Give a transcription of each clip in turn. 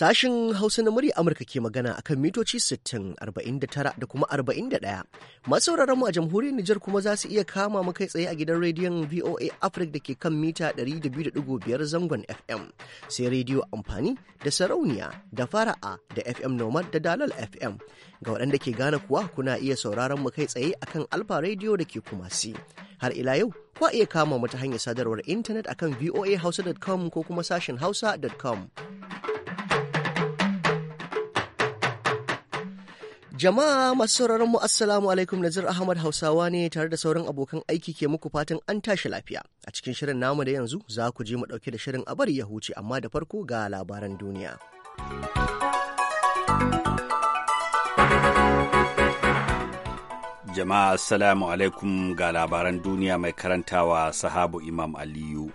Sashen Hausa na murya Amurka ke magana akan mitoci 60, 49 da kuma 41. Masu mu a jamhuriyar Nijar kuma za su iya kama mu kai tsaye a gidan rediyon VOA Africa da ke kan mita 200.5 zangon FM. Sai rediyo amfani da sarauniya da fara'a da FM Nomad da Dalal FM. Ga waɗanda ke gane kuwa kuna iya sauraron mu kai tsaye akan Alfa rediyo da ke Kumasi. Har ila yau kwa iya kama mu ta hanyar sadarwar intanet akan voahausa.com ko kuma sashin hausa.com. Jama'a masu sauraron mu assalamu alaikum Nazir Ahmad Hausawa ne tare da sauran abokan aiki ke muku fatan an tashi lafiya. A cikin shirin namu da yanzu za ku je mu dauke da shirin a bari ya huce amma da farko ga labaran duniya. Jama'a assalamu alaikum ga labaran duniya mai karantawa sahabu Imam Aliyu.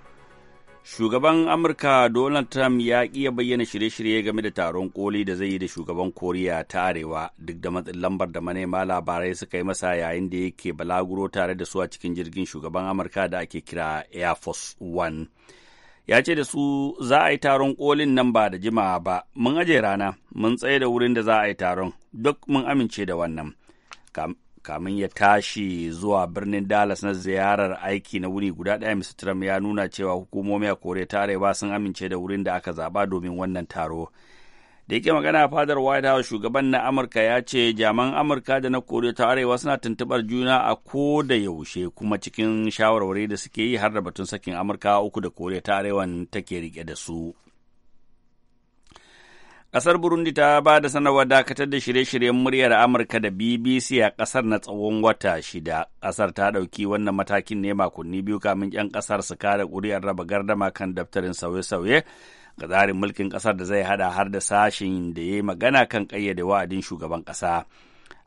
Shugaban Amurka Donald Trump ya kiya bayyana shirye-shirye game da taron koli da zai yi da shugaban Koriya ta Arewa duk da matsin lambar da manema labarai suka yi masa yayin da yake balaguro tare da su a cikin jirgin shugaban Amurka da ake kira Air Force One. Ya ce da su za a yi taron kolin nan ba da jimawa ba, mun aje rana, mun tsaye da wurin da za a yi taron, duk mun amince da wannan. kamin ya tashi zuwa birnin Dallas na ziyarar aiki na wuni guda ɗaya Mr. Trump ya nuna cewa hukumomi a Koriya ta Arewa sun amince da wurin da aka zaba domin wannan taro. Da yake magana a fadar White House shugaban na Amurka ya ce jaman Amurka da na Koriya ta Arewa suna tuntubar juna a ko da yaushe kuma cikin shawarwari da suke yi har da batun sakin Amurka uku da Koriya ta Arewa take rike da su. Ƙasar Burundi ta ba da sanarwar dakatar da shirye-shiryen muryar Amurka da BBC a ƙasar na tsawon wata shida. Ƙasar ta ɗauki wannan matakin ne makonni biyu kamin 'yan ƙasar su kare ƙuri'ar raba gardama kan daftarin sauye-sauye ga tsarin mulkin ƙasar da zai hada har da sashen da ya magana kan ƙayyade wa'adin shugaban ƙasa.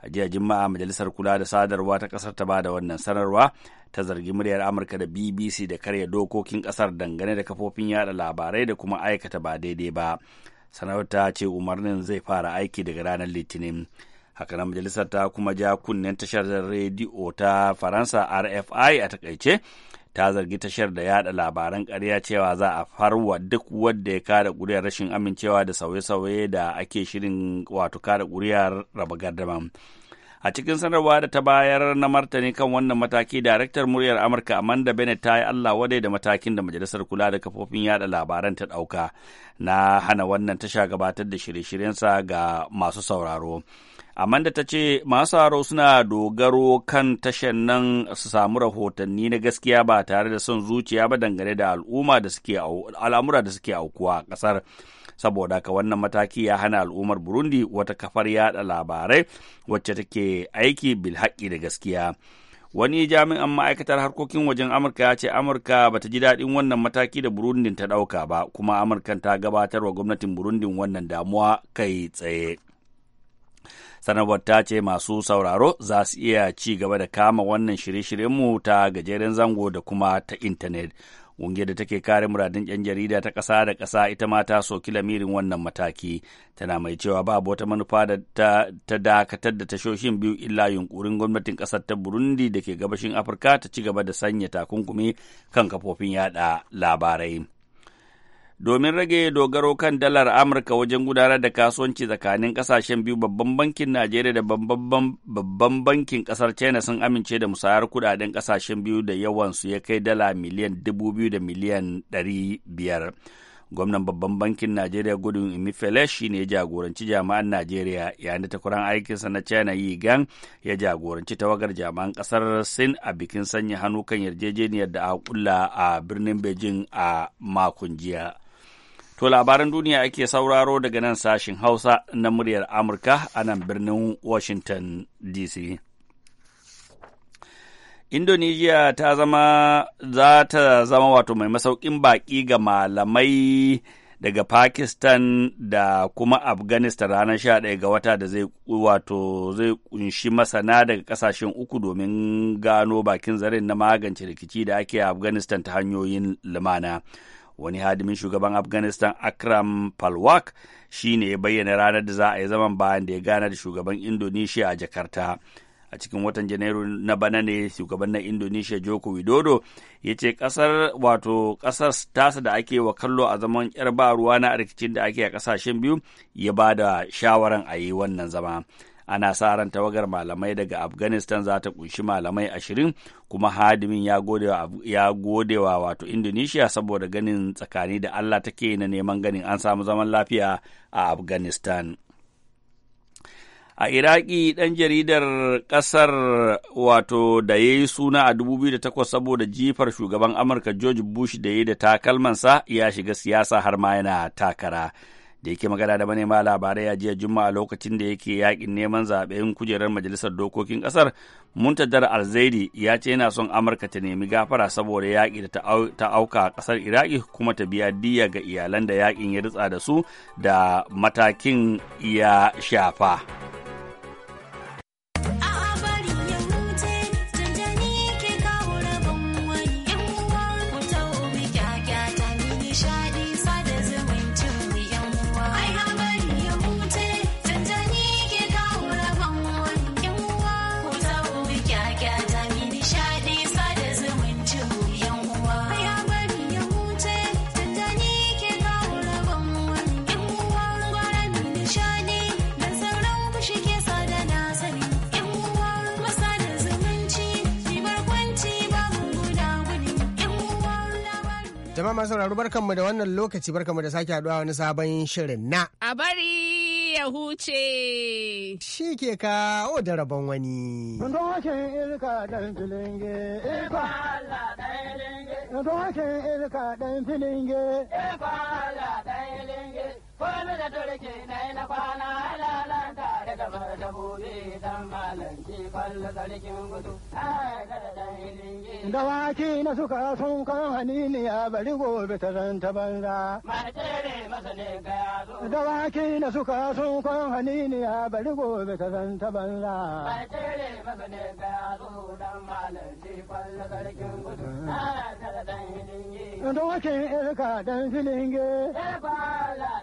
a jiya juma'a majalisar kula da sadarwa ta kasar ta ba da wannan sanarwa ta zargi muryar amurka da bbc da karya dokokin ƙasar dangane da kafofin yada labarai da kuma aikata ba daidai ba sanarwar ta ce umarnin zai fara aiki daga ranar litinin hakanan majalisar ta kuma ja kunnen tashar rediyo ta faransa rfi a takaice ta zargi tashar da yada labaran karya cewa za a farwa duk wadda ya kada ƙuri'ar rashin amincewa da sauye-sauye da ake shirin wato kada kuri'ar raba gardama A cikin sanarwa da ta bayar na martani kan wannan mataki, daraktar muryar Amurka Amanda Bennett ta yi Allah wadai da matakin da majalisar kula da kafofin yada labaran ta ɗauka na hana wannan tasha gabatar da shirye-shiryensa ga masu sauraro. Amanda ta ce masu sauraro suna dogaro kan tashan nan su samu rahotanni na gaskiya ba tare da son zuciya ba dangane da al'umma da al'amura da suke aukuwa a ƙasar. saboda ka wannan mataki ya hana al'ummar burundi wata kafar yada labarai wacce take aiki bilhaƙi da gaskiya wani jami'an ma'aikatar harkokin wajen amurka ya ce amurka ba ta ji daɗin wannan mataki da burundin ta ɗauka ba kuma amurkan ta gabatar wa gwamnatin Burundi wannan damuwa kai tsaye sanarwar ta ce masu sauraro za su iya ci gaba da kama wannan shirye-shiryenmu ta gajeren zango da kuma ta intanet ƙungiyar da take kare muradun 'yan jarida ta kasa da ƙasa ita ma ta soki lamirin wannan mataki tana mai cewa babu wata manufa da ta dakatar da tashoshin biyu illa yunkurin gwamnatin ƙasar ta burundi da ke gabashin afirka ta ci gaba da sanya takunkumi kan kafofin yada labarai domin rage dogaro kan dalar Amurka wajen gudanar da kasuwanci tsakanin kasashen biyu babban bankin Najeriya da babban bankin kasar China sun amince da musayar kudaden kasashen biyu da yawan su ya kai dala miliyan dubu biyu da miliyan ɗari biyar. Gwamnan babban bankin Najeriya gudun Emifele shi ne ya jagoranci jami'an Najeriya yayin da takwaran aikinsa na China Yi gan ya jagoranci tawagar jami'an kasar Sin a bikin sanya hannu kan yarjejeniyar da a kulla a birnin Beijing a makon jiya. To labaran duniya ake sauraro daga nan sashin Hausa na muryar Amurka a nan birnin Washington DC. Indonesia ta zama za ta zama wato mai masaukin baƙi ga malamai daga Pakistan da kuma Afghanistan ranar sha ɗaya ga wata da zai wato zai kunshi masana daga ƙasashen uku domin gano bakin zarin na magance rikici da ake Afghanistan ta hanyoyin lumana. wani hadimin shugaban afghanistan akram palwak shi ne ya bayyana ranar da za a yi zaman bayan da ya gana da shugaban indonesia a jakarta a cikin watan janairu na bana ne shugaban na indonesia joko widodo ya ce kasar wato kasar tasa da ake wa kallo a zaman yar ba ruwa na rikicin da ake a kasashen biyu ya ba da shawaran a yi wannan zama ana sa ran tawagar malamai daga afghanistan za ta kunshi malamai ashirin kuma hadimin ya godewa ya wa wato indonesia saboda ganin tsakani da allah take na neman ganin an samu zaman lafiya a afghanistan a iraki dan jaridar kasar wato da ya yi suna a 2008 saboda jifar shugaban amurka george bush da ya yi da takalmansa ya shiga siyasa har ma yana takara da yake magana da manema labarai a jiya juma'a lokacin da yake yakin neman zaɓen kujerar majalisar dokokin ƙasar muntadar alzaidi ya ce yana son amurka ta nemi gafara saboda yaƙi da ta auka a ƙasar iraki kuma ta biya diya ga iyalan da yaƙin ya ritsa da su da matakin ya shafa. Jama'a masu sauraro mu da wannan lokaci mu da sake haduwa wani sabon shirin na. A bari ya huce. Shi ke ka o da rabon wani. Dokin irka dan filinge. Eh, Allah dan filinge. Eh, Allah Kwanu da turki na yi na kwana halalan tare da martabubi dan malanci kwallo sarkin gudu. Ah, da waki na suka sun kan ya bari gobe ta zanta banza. Matere masa ne ga yazo. Da waki na suka sun kan ya bari gobe ta zanta banza. Matere masa ne ga yazo dan malanci kwallo sarkin gudu. Da wakin irka dan filinge. Ya bala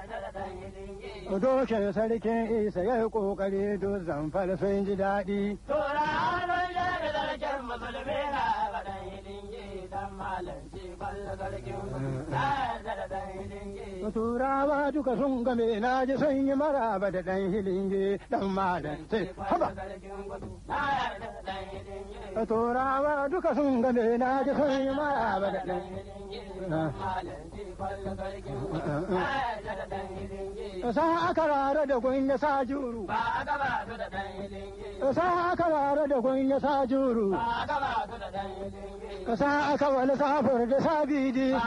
Dokin sarkin isa ya yi ƙoƙari duk zamfar sun ji daɗi. Tura hannun jami zarkin musulmi na faɗin hidin yi dan malam balla zarkin Turawa duka sun game na ji sun yi maraba da ɗan hilinge ɗan malam sai haba. Turawa duka sun game na ji sun yi maraba da ɗan hilinge. Sa aka rara da gunya sa juru. Sa aka rara da gunya sa juru. Sa aka wani safar da sabidi.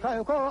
Kai ko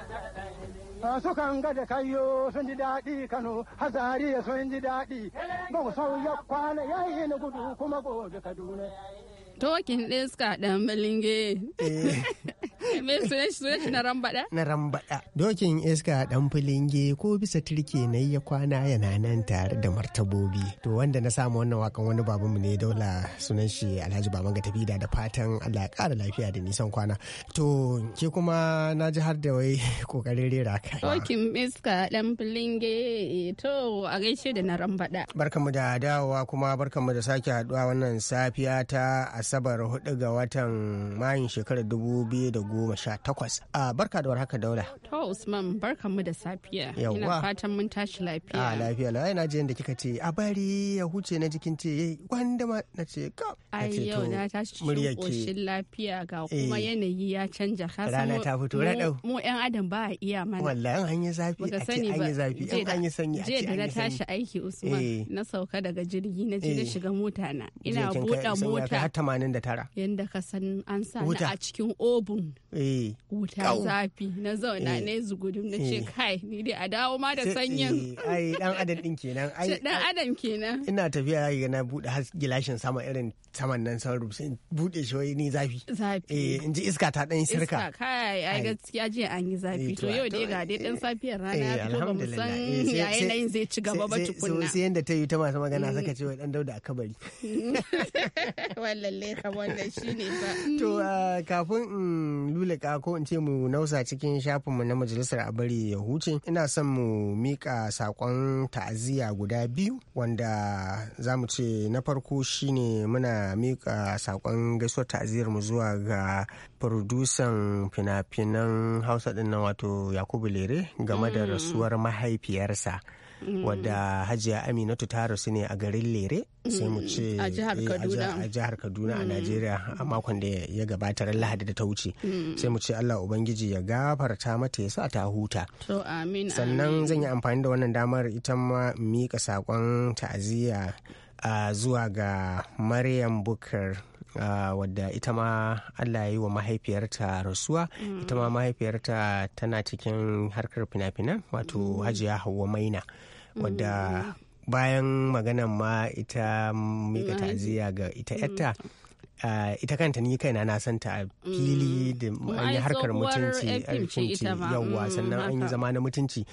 Sukan gada da kayo sun ji daɗi Kano, Hazariya sun ji daɗi. sau ya kwana yayi na gudu kuma gobe Kaduna. Tokin ɗiska ɗan balinge. Eh. me na rambada na rambada dokin iska dan filinge ko bisa turke na ya kwana yana nan tare da martabobi to wanda na samu wannan wakan wani babanmu ne daula sunan shi Alhaji Baban ga tafi da fatan Allah ya kara lafiya da nisan kwana to ke kuma na ji har da wai kokarin rera kai dokin iska dan filinge to a gaishe da na rambada barkamu da dawowa kuma barkamu da sake haduwa wannan safiya ta Asabar 4 ga watan Mayun shekarar 2010 2018. takwas. A barka da warhaka Daula. To Usman barkan mu da safiya. Yawwa. Ina fatan mun tashi lafiya. A lafiya la ina jiyan da kika ce a bari ya huce na jikin ce gwanda ma na ce ka. Ai yau na tashi cikin koshin lafiya ga kuma eh. yanayi ya canja. Rana ta fito dau. Mu 'yan adam ba a iya mana. Wallahi an yi zafi a ce an yi zafi an yi sanyi a ce an yi sanyi. Jiya da na tashi aiki Usman eh. na sauka daga jirgi na je na eh. shiga mota na. Ina buɗe mota. Yanda ka san an sa a cikin obun Eh. wuta zafi na zauna eh. na zugudun na ce eh. kai ni dai a dawo ma da sanyin ai dan adam din kenan ai dan adam kenan ina tafiya ya ga na bude gilashin sama irin saman nan sun rufe bude shi wai ni zafi zafi eh in ji iska ta dan sirka iska kai ai gaskiya jiya an yi zafi to yau dai ga dai dan safiyar rana ya fito ba mu san yayin nan zai ci gaba ba tukunna sai yanda ta yi ta masu magana saka ce wai dan mm. dauda a kabari wallahi ka wannan shine ba to ah, kafin in lulluka ko in ce mu nausa cikin shafinmu na majalisar a bari ya huce ina son mu mika sakon ta'aziyya guda biyu wanda za mu ce na farko shine muna mika sakon gaisuwar ta'aziyyar mu zuwa ga furdusan fina-finan hausa din wato yakubu lere game da mm. rasuwar mahaifiyarsa Mm. wadda hajiya aminatu ta rasu ne a garin lere sai mu mm. ce eh, a jihar kaduna a mm. najeriya a makon da ya gabata ran lahadi da ta wuce sai mu ce allah ubangiji ya gafarta mata ya sa ta huta sannan zan yi amfani da wannan damar ita ma mika saƙon ta'aziyya zuwa ga maryam bukar Uh, wadda ita ma Allah ya yi wa mahaifiyarta rasuwa ita ma mahaifiyarta tana cikin harkar fina-finan wato mm. hajiya hawa maina wadda mm. bayan maganan ma ita mika ta'aziyya ga ita mm. yatta Uh, eh, ita kanta ni kaina na santa a fili mm. da an yi harkar mutunci yawwa sannan an yi zama na mutunci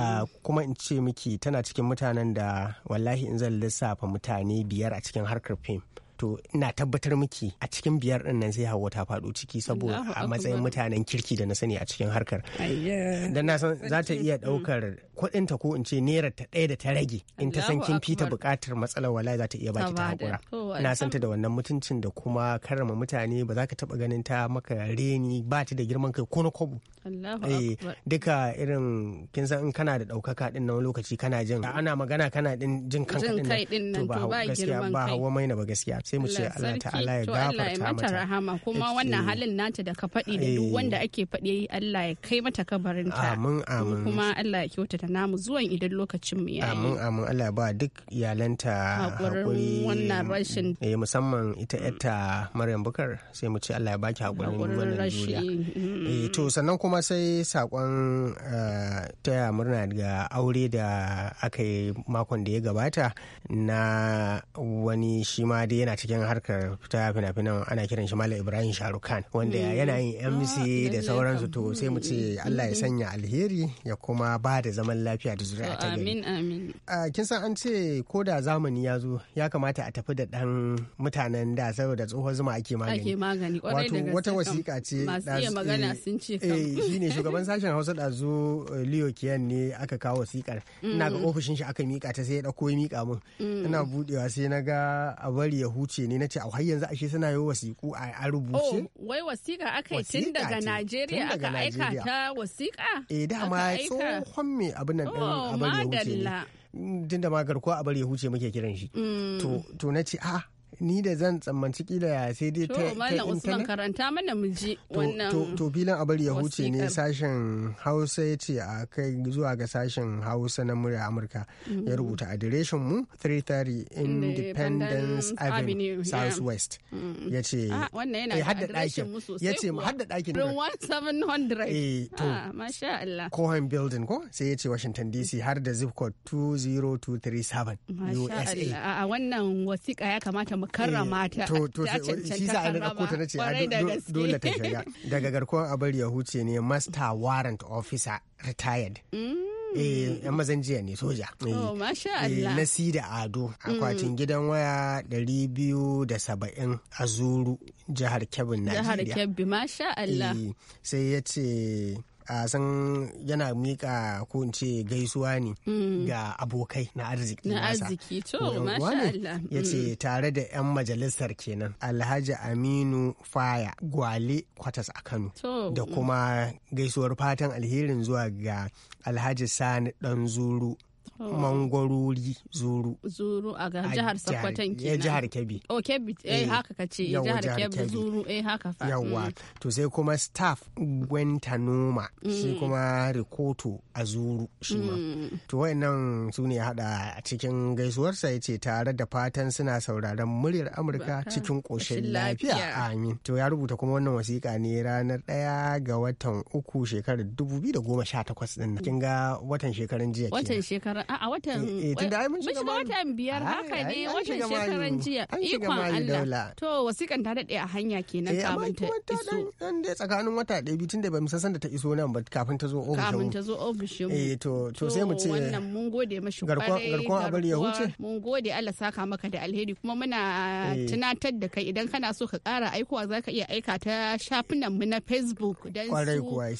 ah, kuma in ce miki tana cikin mutanen da wallahi in zan lissafa mutane biyar a cikin harkar fim to ina tabbatar miki a cikin biyar din nan sai hawa ta faɗo ciki saboda a matsayin mutanen kirki da na sani a cikin harkar dan na san za ta iya mm. ɗaukar kuɗinta ko in ce naira ta ɗaya da ta rage in ta san kin fita buƙatar matsalar wallahi za ta iya baki ta haƙura na san ta da wannan mutuncin da kuma karrama mutane ba za ka taɓa ganin ta maka reni ba ta da girman kai ko na kwabo eh, duka irin kin san in kana da ɗaukaka ɗin na lokaci kana jin ana magana kana din jin kanka ɗin to ba gaskiya ba hawa maina ba gaskiya sai mu ce Allah ta'ala ya gafarta mata rahama kuma wannan halin nata da ka faɗi da duk eh. wanda ake faɗi Allah ya kai mata kabarinta amin amin kuma Allah ya kyautata namu zuwan idan lokacin mu yayi amin amin Allah ya ba duk iyalanta hakuri wannan rashin eh musamman ita yarta Maryam Bukar sai mu ce Allah ya baki hakurin wannan rashin mm. eh to sannan kuma sai sakon eh, taya murna daga aure da aka yi makon da ya gabata na wani shi ma dai yana yana cikin harkar fita fina-finan ana kiran shi Malam Ibrahim Sharukan wanda mm. yana yin MC ah, da sauransu to sai mu ce mm. Allah ya sanya alheri ya kuma ba da zaman lafiya da zuri'a ta gani. amin. Ah, kin san an ce ko da zamani ya zo ya kamata a tafi da dan mutanen da saboda tsohon zuma ake magani. Ake magani Wato wata wasiƙa ce. Masu iya magana eh, eh, shine shugaban sashen Hausa da zo eh, Leo Kiyan ne aka kawo wasiƙar. Ina ga mm. ofishin shi aka mika ta sai ya dauko ya mika mun. Ina budewa sai na ga a bari ya rubuce ne na ce auhai yanzu ashe suna yi wasiƙu a rubuce oh, wai wasiƙa aka yi tun daga Najeriya aka aika ta wasiƙa eh dama tsohon mai abin nan din oh, abin ya huce ne mm, tun da ma garkuwa a ya huce muke kiran shi mm. to na ce a ah, ni da zan tsammanci kila sai dai ta intanet karanta mana mu ji wannan to filin abar ya huce ne sashen hausa ya ce a kai zuwa ga sashen hausa na murya amurka ya mhm. rubuta adireshin mu 330 independence avenue southwest mm. ya ce ah, wannan yana eh, adireshin mu sosai ya ce hadda ɗakin 1700 eh to ah, masha Allah Cohen building ko sai ya ce Washington DC har da zip code 20237 USA a ah, wannan wasiƙa ya kamata mu karrama eh, ta to to shi sa ai na ta nace dole ta shiga daga garkuwar abar ya huce ne master warrant officer retired mm. eh yan mazan ne soja eh, oh, eh, na si da ado akwatin mm. gidan waya 270 a zuru jihar kebbi najeriya jihar kebbi masha Allah sai ya ce san yana mika ko in ce gaisuwa ne mm. ga abokai na arziki na arziki to masha Allah ya mm. tare da 'yan majalisar kenan alhaji aminu faya gwale kwatas a kano da mm. kuma gaisuwar fatan alherin zuwa ga alhaji sani dan Oh. mangwarori zuru zuru a ga jihar sakwatan eh, kenan jihar kebbi o oh, kebbi eh, eh haka ka ce jihar kebbi zuru eh haka fa yawa mm. to sai kuma staff noma. shi mm. kuma rikoto a zuru shi ma mm. to wayannan su ne hada a cikin gaisuwar ya ce tare da fatan suna sauraron muryar amurka cikin koshin lafiya amin to ya rubuta kuma wannan wasiƙa ne ranar ɗaya ga watan uku shekarar 2018 din nan kin ga watan shekaran jiya watan shekaran shekara a watan eh, eh, mun shiga watan biyar haka ne watan shekaran jiya ikon Allah to wasikan ta dade a hanya kenan eh, kafin ta iso dan dai tsakanin wata ɗaya biyu tunda ba mu san da ta iso nan ba kafin ta zo ofishin kafin ta zo ofishin eh to to sai mu ce wannan mun gode mashi kwarai garkon abar ya huce mun gode Allah saka maka da alheri kuma muna tunatar da kai idan kana so ka ƙara aikowa zaka iya aika ta shafinan mu na Facebook dan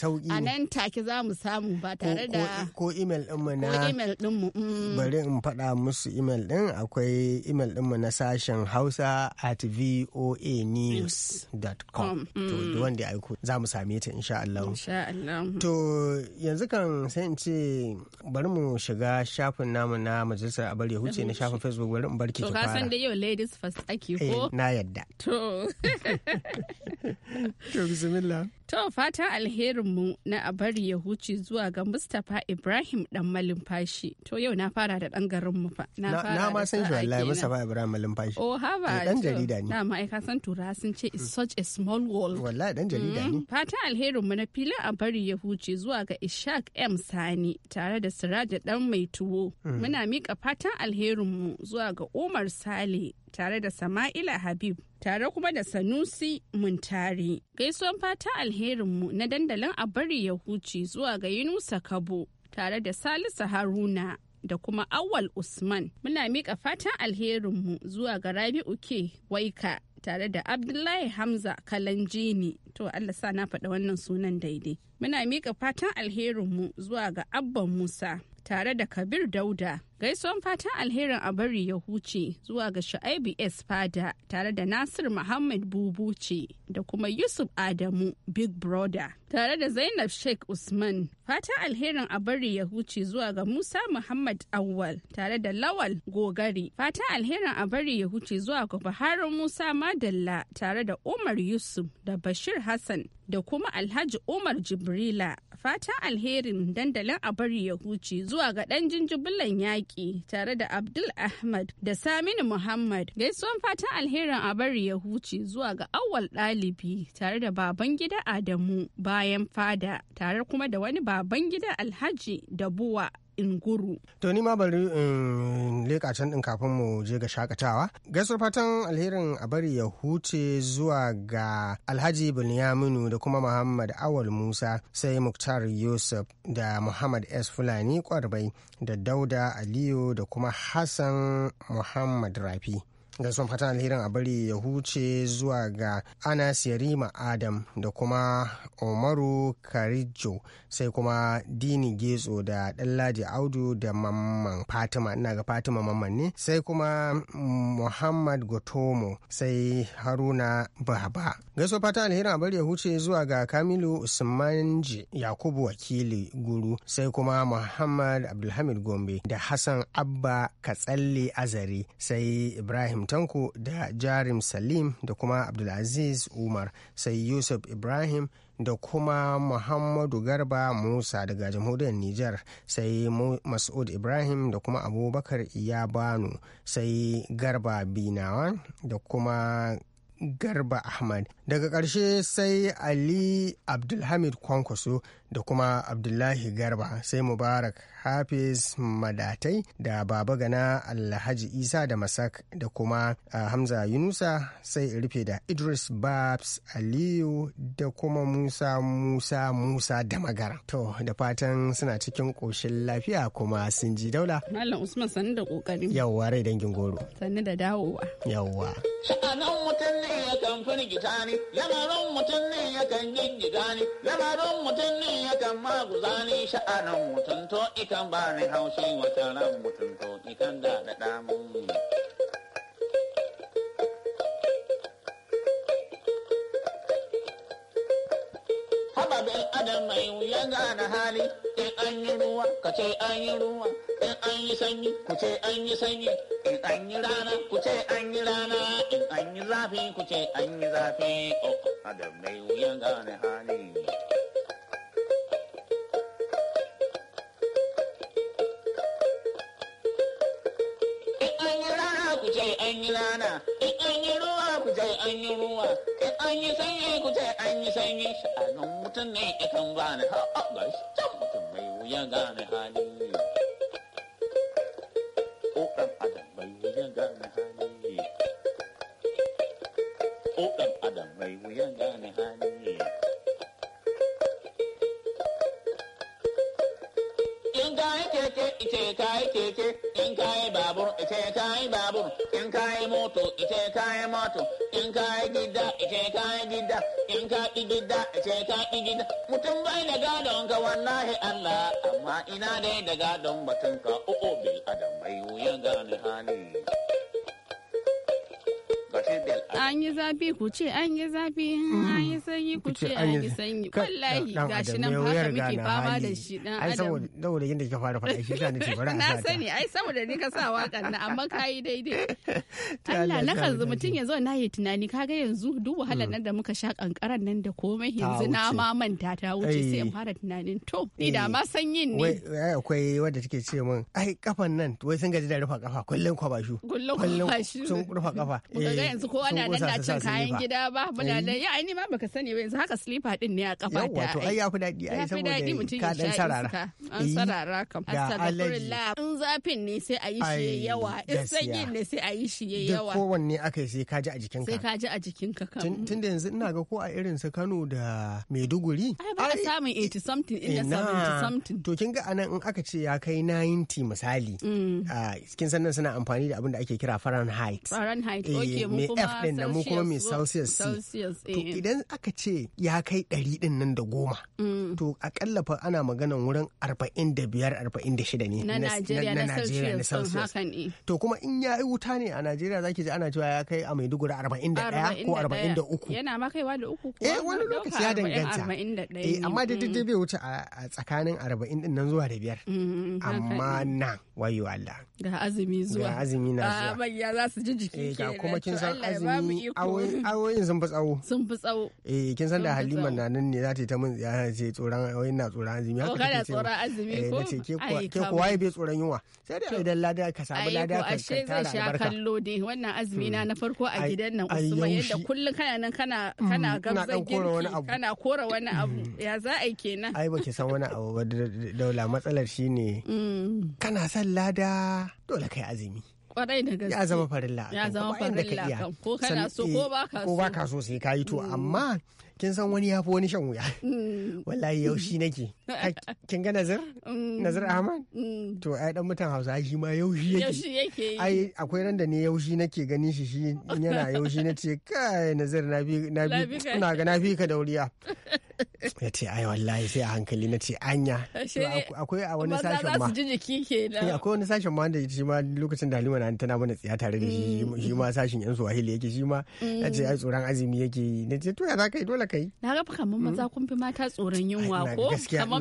su a nan take za mu samu ba tare da ko email din mu na dinmu. Mm. Bari in faɗa musu email ɗin akwai email ɗinmu na sashen Hausa at voanews.com. To mm. wanda ya aiko za mu same ta insha Allah. Insha Allah. To yanzu kan sai in ce bari mu shiga shafin namu na majalisar abar ya huce na shafin Facebook bari in barki ki fara. To kasan da yau ladies first ake ko? Eh, na yadda. To. To bismillah. To fatan alherinmu na a bari ya huce zuwa ga Mustapha Ibrahim dan malumfashi. To yau na fara da dan garin mu fa. Na ma san shi wallahi Mustapha Ibrahim malumfashi. Oh haba. Dan eh, jarida ne. Na ma ai ka san tura sun ce is hmm. such a small world. Wallahi dan jarida hmm, ne. Fatan alherinmu na filin a bari ya huce zuwa ga Ishaq M Sani tare da Siraja dan mai tuwo. Hmm. Muna mika fatan alherinmu zuwa ga Umar Sale tare da Sama'ila Habib tare kuma da Sanusi Muntari. Gaisuwan fata alherinmu na dandalin a bari ya huce zuwa ga Yunusa Kabo tare da Salisu Haruna da kuma Awal Usman. Muna miƙa fatan alherinmu zuwa ga Rabi'u Ke Waika tare da Abdullahi Hamza Kalanjini. To Allah sa na faɗa wannan sunan daidai. Muna miƙa fatan alherinmu zuwa ga Abba Musa tare da Kabir Dauda. Gaisuwan fatan alherin a bari ya huce zuwa ga Shu'aibu S Fada tare da Nasir Muhammad Bubuce da kuma Yusuf Adamu Big Brother tare da Zainab Sheikh Usman. Fatan alherin a bari ya huce zuwa ga Musa Muhammad Awwal tare da Lawal Gogari. Fatan alherin a bari ya huce zuwa ga Buhari Musa Madalla tare da Umar Yusuf da Bashir Hassan da kuma Alhaji Umar Jibrila. Fatan alherin dandalin a bari ya huce zuwa ga ɗan jinjibilan yaƙi. Baki tare da Abdul Ahmad da Saminu Muhammad. Gaisuwan fatan alherin a bari ya huce zuwa ga awal ɗalibi tare da baban gida Adamu bayan fada tare kuma da wani baban gida Alhaji da Buwa Inguru. To ni ma bari in leƙa can ɗin kafin mu je ga shakatawa. Gaisuwar fatan alherin a bari ya huce zuwa ga Alhaji Bilyaminu da kuma Muhammad Awal Musa sai Muktar Yusuf da Muhammad S Fulani Kwarbai da Dauda Aliyu da kuma Hassan Muhammad Rafi. gaisuwan fatan alherin a bari ya huce zuwa ga anas yarima adam da kuma umaru karijo sai kuma dini getso da ɗanladi audu da mamman fatima ina ga fatima mamman ne sai kuma muhammad gotomo sai haruna baba gaisuwan fatan alherin a bari ya huce zuwa ga kamilu usmanji yakubu wakili guru sai kuma muhammad abdulhamid gombe da hassan abba katsalle azari sai ibrahim Tanko da Jarim Salim da kuma Abdulaziz Umar sai Yusuf Ibrahim da kuma Muhammadu Garba Musa daga jamhuriyar Nijar sai Mas'ud Ibrahim da kuma Abubakar banu sai Garba Binawa da kuma Garba Ahmad daga karshe sai Ali Abdulhamid Kwankwaso da kuma abdullahi garba sai mubarak hafiz madatai da baba gana alhaji isa da masak da kuma hamza yunusa sai rufe da idris babs aliyu da kuma musa musa musa da magara to da fatan suna cikin koshin lafiya kuma sun ji daula malam usman sani da kokari yawwa rai dangin goro sani da dawowa yawwa sha'anan mutum ne ya kan firgita ne lamarin mutum ne ya kan gingita ne lamarin mutum kan maguzani sha'anan mutunto ikan ba ni haushi wata ran mutunto ikan da da damun. Haba bin adam mai wuya gane hali in an yi ruwa ka ce an yi ruwa in an yi sanyi ku ce an yi sanyi in an yi rana ku ce an yi rana in an yi zafi ku ce an yi zafi. Oh, adam mai wuya gane hali. an yi rana in an yi ruwa ku ce an yi ruwa in an yi sanyi ku an yi sanyi sha'anin mutum ne bani ga shi can mutum mai wuya gane hali ɗan adam mai wuya gane hali ɗan adam mai wuya gane hali in ka yi keke ita ka yi keke in ka yi babur ite kayi babur in kayi moto ite kayi moto in kayi gida ite kayi gida in kayi gida ite kayi gida mutum bai da gadon ka wallahi Allah amma ina dai da gadon batun ka o'o bil adam bai wuyan gane hali an yi zafi ku ce an yi zafi mm. an yi sanyi ku ce an yi sanyi wallahi gashi nan haka muke fama da shi dan adam ai saboda saboda yanda kika fara faɗa shi kana ce bari na sani ai saboda ni ka sa wakan nan amma kai daidai Allah na kan mutum ya zo na yi tunani kaga yanzu duk wahalar mm. nan da muka sha kankaran nan da komai yanzu na ma manta ta wuce sai in fara tunanin to ni eh. da ma sanyin ne akwai wanda take ce min ai kafan nan wai sun gaji da rufa kafa kullun kwabashu kullun kwabashu sun rufa kafa eh, yanzu kowa na nan na cin kayan gida ba muna eh? ya ai ma baka sani ba yanzu haka slipa din ne a kafa ta wato ai ya fi daɗi ai saboda ka dan sarara an eh, sarara kam astagfirullah in zafin ne sai a yi shi yawa in sanyin ne sai a yi shi yawa kowanne akai sai ka ji a jikinka sai ka ji a jikinka kam tunda yanzu ina ga ko a irin su Kano da Maiduguri ai ba samun 80 eh, something in da 70 something to kin ga anan in aka ce ya kai 90 misali mm. ah, kin san nan suna amfani da abin da ake kira Fahrenheit Fahrenheit okay mu kuma fahrenheit da mu kuma mai celsius to idan aka ce ya kai ɗari ɗin nan da goma mm. to a ƙallafa ana maganan wurin arba'in da biyar arba'in da shida ne na najeriya na celsius to kuma in ya yi wuta ne a najeriya za ki ji ana cewa ya kai a maiduguri arba'in da ɗaya ko arba'in da uku yana ma kaiwa da uku eh wani lokaci ya danganta eh amma da dai bai wuce a tsakanin arba'in ɗin nan zuwa da biyar mm, mm, amma na wayo Allah ga azumi zuwa ga azumi na zuwa amarya za su ji jiki eh, ga kuma kin san azumi awoyin sun fi tsawo sun fi tsawo eh kin san da halima na nan ne za ta yi ta min ya ce tsoron awoyin na tsoron azumi haka kana tsoron azumi ko ce ke kuwa ya bai tsoron yunwa sai dai idan lada ka sabu lada ka tara albarka ashe zai sha kallo dai wannan azumi na na farko a gidan nan usman yadda kullun kana nan kana kana gamsar girki kana kora wani abu ya za a yi kenan ai baki san wani abu ba daula matsalar shine kana san lada dole kai azumi kwarai da gaske ya zama farilla ya zama farilla ko kana so ko eh, ba ka so ko ba ka so sai ka yi to amma kin san wani ya fi wani shan wuya mm. wallahi yaushi nake kin ga nazir mm. nazir ahmad mm. to ai dan mutan hausa shi ma yaushi yake ai akwai ran da ne yaushi nake ganin shi shi yana yaushi na ce kai nazir na bi na bi na ga na bi ka dauriya ya ce ai wallahi sai a hankali na ce anya akwai a wani sashen ma eh, akwai wani sashen ma wanda shi ma lokacin da halima na tana mana tsiya tare da shi shi ma sashen yan suwahili yake shi ma ya ce ai tsoron azumi yake na ce to ya za ka yi dole dole kai na ga kamar maza hmm? kun fi mata tsoron yunwa ko kamar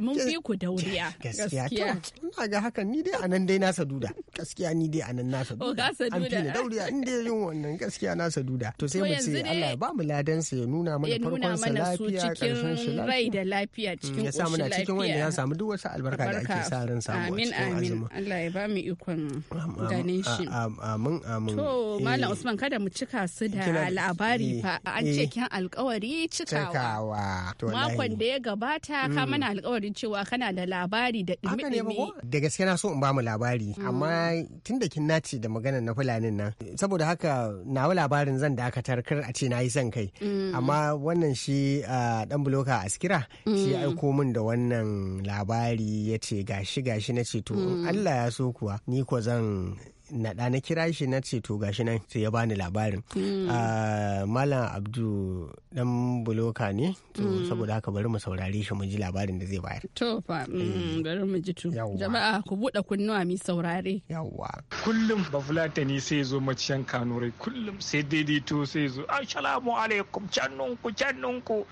mun fi ku dauriya gaskiya to ina ga hakan ni dai anan dai na saduda gaskiya ni dai anan na oh, saduda an fi ni dauriya in dai yin wannan gaskiya na saduda to sai mu ce Allah ya ba mu ladan sa ya nuna mana farkon sa lafiya karshen shi lafiya rai da lafiya hmm, cikin ya sa muna cikin wanda ya samu duk wasu albarka da ake sa ran samu amin amin Allah ya ba mu ikon ganin shi amin amin to malam eh. Usman kada mu cika su da labari eh, fa an eh. ce kin alƙawari alkawari cikawa. Makon da ya gabata ka mm. mana alkawarin cewa kana da labari da ɗumi-ɗumi. Da gaske na so in bamu labari mm. amma tun da kin nace da maganar na fulanin nan saboda haka nawa labarin zan dakatar kar a ce na yi son kai mm. amma wannan shi dan buloka askira shi ya aiko min da wannan labari ya ce gashi gashi na ce to Allah ya so kuwa ni ko zan naɗa na kira shi na ce to gashi nan sai ya bani labarin hmm. ah, malam abdu dan buloka ne to hmm. saboda haka bari mu saurare shi mu ji labarin da zai bayar to fa hmm, bari mu ji to jama'a ku buɗe kunnuwa mi saurare yawwa kullum ba bafulatani sai zo maciyan kanurai kullum sai daidaito sai zo assalamu alaikum cannunku cannunku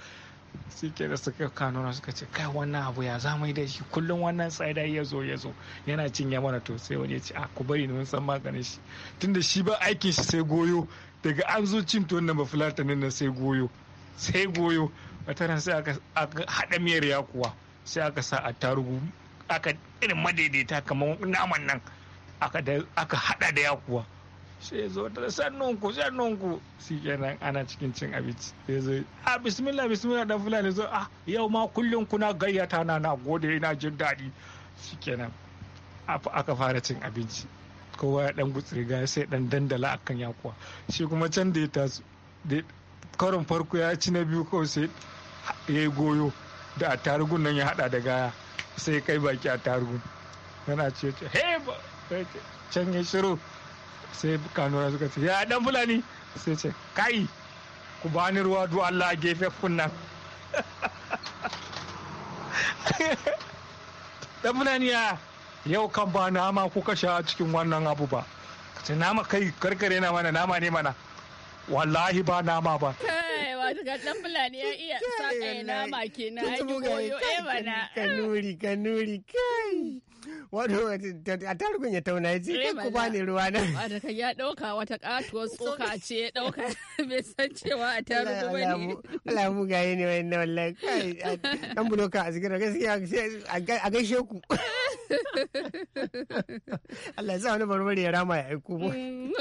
shi ke da suka kanuna suka ce kai wannan abu ya za mai da shi kullum wannan tsada ya zo ya zo yana cinye mana to sai wani ya ce a ah, ku bari mun san maganin shi tunda shi ba aikin shi sai goyo daga an zo cin to wannan ba fulatanin nan sai goyo sai goyo ran sai aka haɗa miyar ya kuwa sai aka sa a tarugu aka irin madaidaita kamar naman nan aka haɗa da ya kuwa sai zo ta sannun sannunku sannun shi kenan ana cikin cin abinci sai zo a ah, bismillah bismillah dan fulani zo ah yau ma kullun kuna gayyata na na gode ina jin daɗi shi kenan aka fara cin abinci kowa ya dan ga sai dan dandala akan yakuwa shi kuma can da ya taso karon farko ya ci na biyu kawai sai ya yi goyo da attarugun nan ya hada da gaya sai kai baki attarugun yana ce he can ya shiru sai kanura suka ce ya dan fulani sai ce kai ku bani ruwa du Allah gefe kunnan dan fulani ya yau kan ba nama kuka sha cikin wannan abu ba ce nama kai karkare na mana nama ne mana wallahi ba nama ba wato ga dan fulani ya iya saka nama kenan ai goyo eh bana kanuri kanuri kai wato a tarugun ya tauna ya ce kai ku bani ruwa na da kan ya dauka wata katuwar tsoka ce ya dauka bai san cewa a tarugu ba ne Allah mu gaye ne wallahi kai bulo ka a zigira gaskiya a gaishe ku Allah ya sa wani barbari ya rama ya aiko ba. Mm.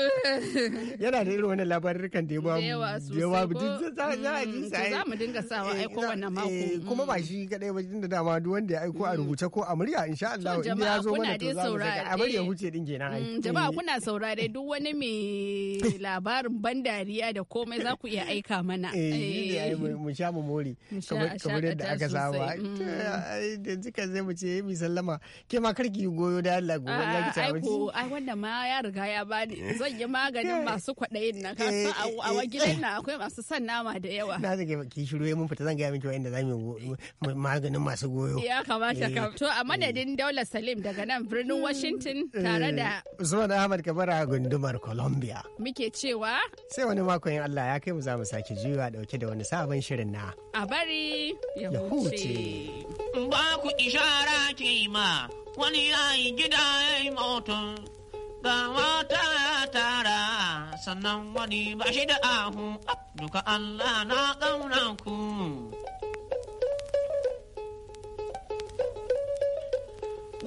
Yana da irin wani labarurkan da ya ba mu. Da yawa sosai za a ji mm, sai. Za mu dinga sawa aiko eh, wannan mako. Eh, kuma ba shi kadai ba jin da dama duk wanda ya aiko a mm. rubuce ko a murya insha Allah Inda ya zo mana to za mu saka a murya huce din kenan ai. Jama'a eh. kuna saurare duk wani mai labarin ban dariya da komai za ku iya aika mana. Eh ni ne mu sha mu mori. kamar yadda aka saba. Da zika zai mu ce mi sallama. ke ma karki goyo da Allah gobe Allah ki tawo ai wanda ma ya riga ya bani zan yi maganin eh, masu kwaɗayin na kasan a eh, wajen eh, na akwai masu son nama da yawa na zage ki shiru mun fita zan ga miki wanda zamu maganin masu goyo ya kamata ka. to a madadin Daula Salim daga nan birnin Washington tare da Usman Ahmad Kabara gundumar Columbia muke cewa sai wani makon in Allah ya kai mu za mu sake jiwa dauke da wani sabon shirin na a bari ya huce ba ku ishara ke ma wani ya yi gida ya yi mutum ga mata ya tara sannan wani ba shi da ahu duka Allah na ƙauna ku.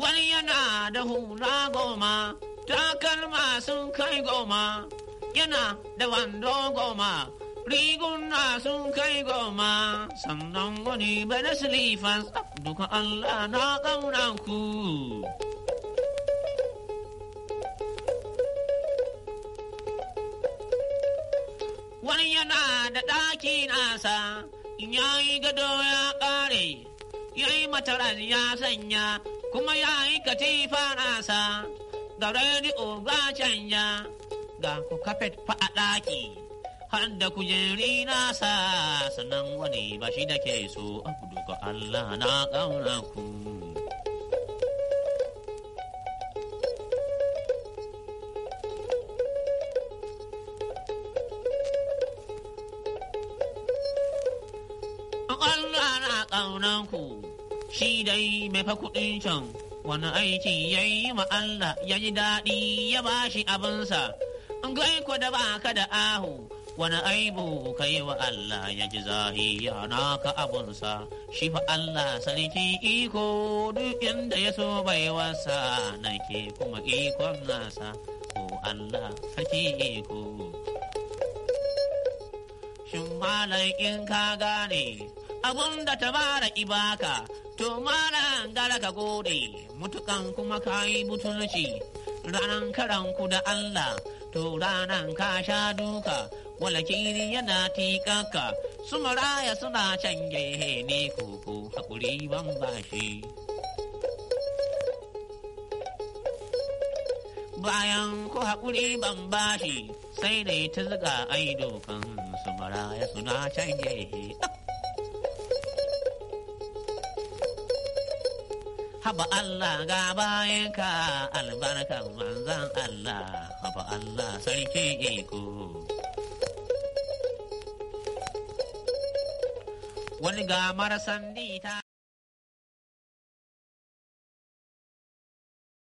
Wani yana da hula goma, takalma sun kai goma, yana da wando goma. riguna sun kai goma sannan wani bane silifas duka Allah na ƙauna ku. Wani yana da ɗaki nasa ya yi gado ya ƙare, ya yi mataras ya sanya kuma ya yi katifa nasa ga rediyo ga canja ga ku kafet fa a ɗaki. hadda kujeri na sa sanan wani ba shi da ke so aku duka Allah na ƙauna ku. Allah na ƙauna ku shi dai mai fa kuɗin can wani aiki ya yi ma Allah ya ji daɗi ya ba shi abinsa. Gai ku da ba ka da ahu. wani aibu ka yi wa Allah ya ji zahi yana ka abunsa shi fa Allah sarki iko duk inda ya so bai wasa nake kuma ikon nasa ko Allah sarki iko shin malam in ka gane abun da bara ibaka to malam gara ka gode mutukan kuma ka yi mutunci ranan karanku da Allah to ranan ka sha duka walakiri yana tikaka su maraya suna canje gehe ne koko hakuri ban bashi bayan ku hakuri ban bashi sai dai ta zuga aido kan su maraya suna canje gehe haba Allah ga bayanka albarkan manzan Allah haba Allah sarki iko wani ga marasan dita